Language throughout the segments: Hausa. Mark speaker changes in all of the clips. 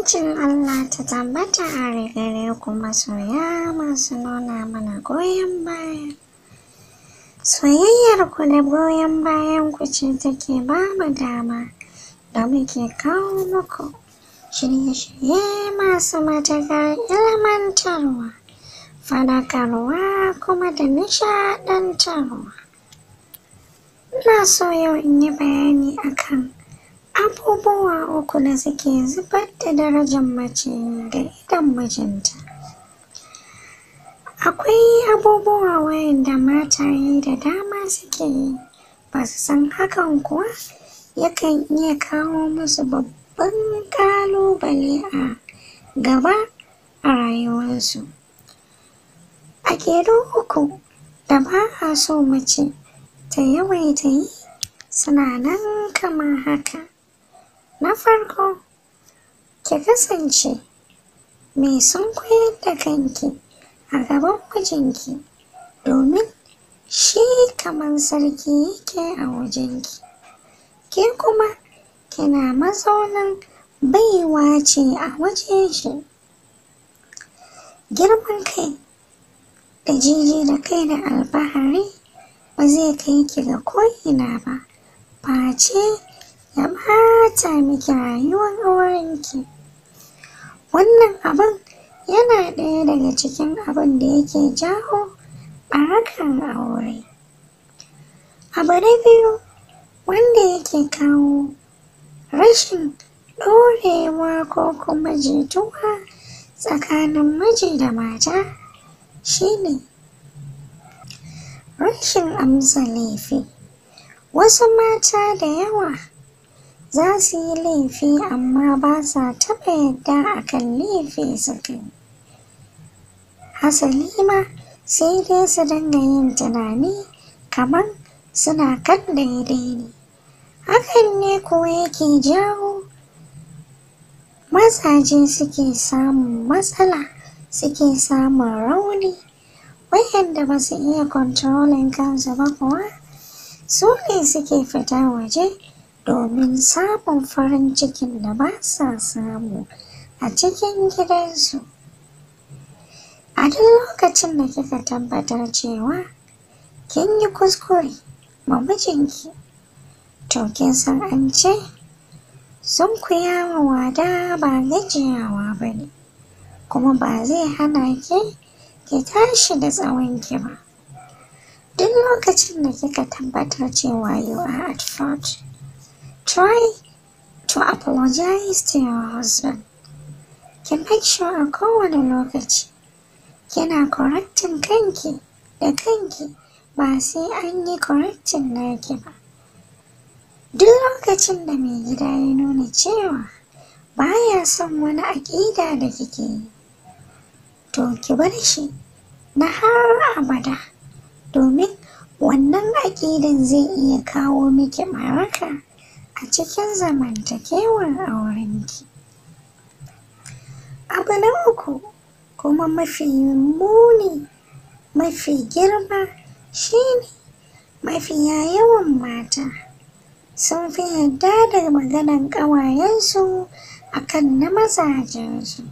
Speaker 1: Amincin Allah ta tabbata a rigare kuma masoya masu nuna mana goyon baya. Soyayyar ku da goyon bayan ku ce take ba mu dama da muke kawo muku shirye-shirye masu matakar ilmantarwa, fadakarwa kuma da nishadantarwa. Ina so yau in yi bayani akan abubuwa uku na suke zubar da darajar mace ga idon mijinta akwai abubuwa wayanda yi da dama suke yi ba su san hakan kuwa yakan iya kawo musu babban kalubale a gaba a rayuwarsu a gero uku da ba a so mace ta yawaita yi suna nan kamar haka Na farko, ki kasance mai sunkuyar da kanki a gaban mijinki domin shi kamar sarki yake a wajenki. Ke kuma kina mazaunin baiwa ce a waje shi. Girman kai da jiji da kai da alfahari ba zai kai ki ga ko'ina ba, face ya bata miki rayuwar aurenki wannan abin yana ɗaya daga cikin abin da yake jawo ɓarakan aure abu na biyu wanda yake kawo rashin ɗorewa ko kuma jituwa tsakanin miji da mata shine rashin amsa laifi wasu mata da yawa za su yi laifi amma ba sa taɓa yadda a kan laifi suke hasali ma sai dai su dinga yin tunani kamar suna kan daidai ne hakan ne kuwa yake jawo mazaje suke samun matsala suke samun rauni wayanda ba su iya kontrolin kansu ba kuwa su ne suke fita waje domin samun farin cikin da ba sa samu a cikin gidansu. A duk lokacin da kika tabbatar cewa kin yi kuskure ma mijinki, to kin san an ce sun ku kuyawa wada ba gajiyawa ba ne, kuma ba zai hana ki ki tashi da tsawonki ba. Duk lokacin da kika tabbatar cewa you are at Try to apologize to your husband. Ki make sure a kowane lokaci kina correcting kanki da kanki ba sai an yi correcting naki ba. Duk lokacin da mai gida ya nuna cewa ba ya son wani aƙida da kike yi, to ki bar shi na har abada domin wannan aƙidan zai iya kawo miki maraka a cikin zamantakewar aurenki. Abu na uku kuma mafi muni mafi girma shine mafiya yawan mata sun fi yadda da maganan ƙawayensu akan na mazajensu.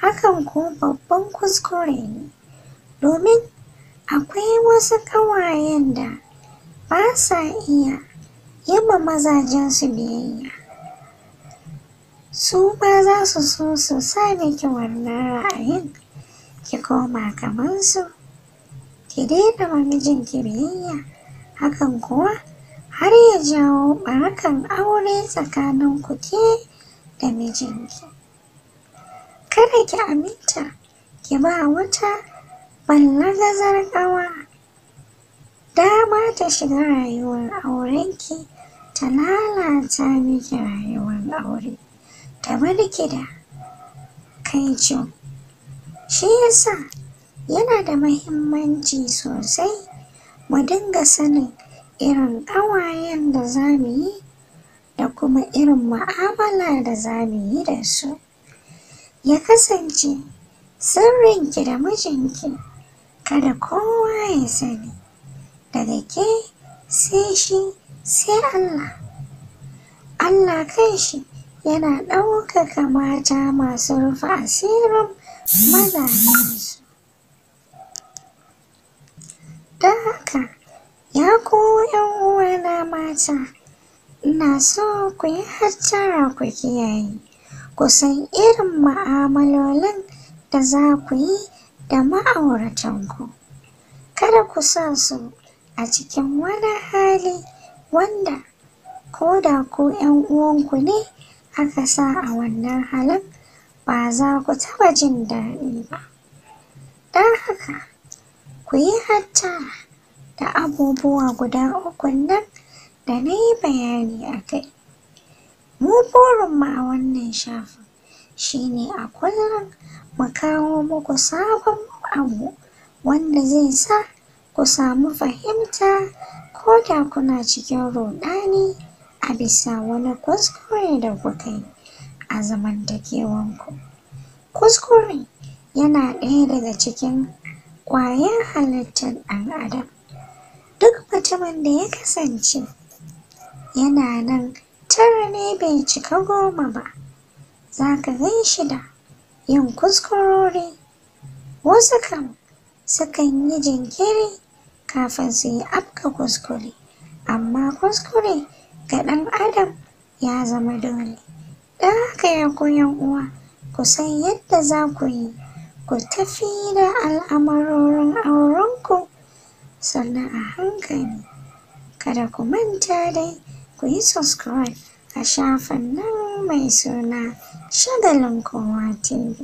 Speaker 1: Hakan ko babban kuskure ne domin akwai wasu ƙawayen da ba sa iya Yi yamma su biyayya su ma za su so su sa miki wannan ra'ayin ki koma kamar su ki daina ma mijinki biyayya hakan kuwa har ya jawo barakan aure tsakanin ku ke da mijinki kada ki aminta ki ba wata ballagazar ƙawa dama ta shiga rayuwar aurenki ta lalata miki rayuwar aure ta barkida ki da shi yasa yana da mahimmanci sosai mu dinga sanin irin ƙawayen da za mu yi da kuma irin ma'amala da za mu yi da su ya kasance sirrinki da mijinki kada kowa ya sani daga ke sai shi sai Allah Allah kanshi yana ɗaukaka mata masu rufe asirin mazajensu don haka ya ku uwana mata ina so ku yi hattara ku kiyaye ku san irin ma'amalolin da za ku yi da ma'auratanku kada ku sa su a cikin wani hali wanda ko da ko ƴan uwanku ne aka sa a wannan halin ba za ku taɓa jin daɗi ba don haka ku yi hatta da abubuwa guda ukun nan da na yi bayani a kai mu burinmu a wannan shafin shi ne a kullum mu kawo muku sabon abu wanda zai sa ku samu fahimta ko kuna cikin ruɗani a bisa wani kuskure da kuka yi a zamantakewanku. Kuskure yana ɗaya daga cikin ƙwayar halittar ɗan adam. Duk mutumin da ya kasance yana nan tara ne bai cika goma ba, za ka gan shi da yin kuskurori. Wasu kam sukan yi jinkiri kafin su yi afka kuskure amma kuskure ga ɗan adam ya zama dole don haka ya koyan uwa ku san yadda za ku yi ku tafi da al'amarorin aurenku sannan a hankali kada ku manta dai ku yi subscribe a shafin nan mai suna shagalin kowa tv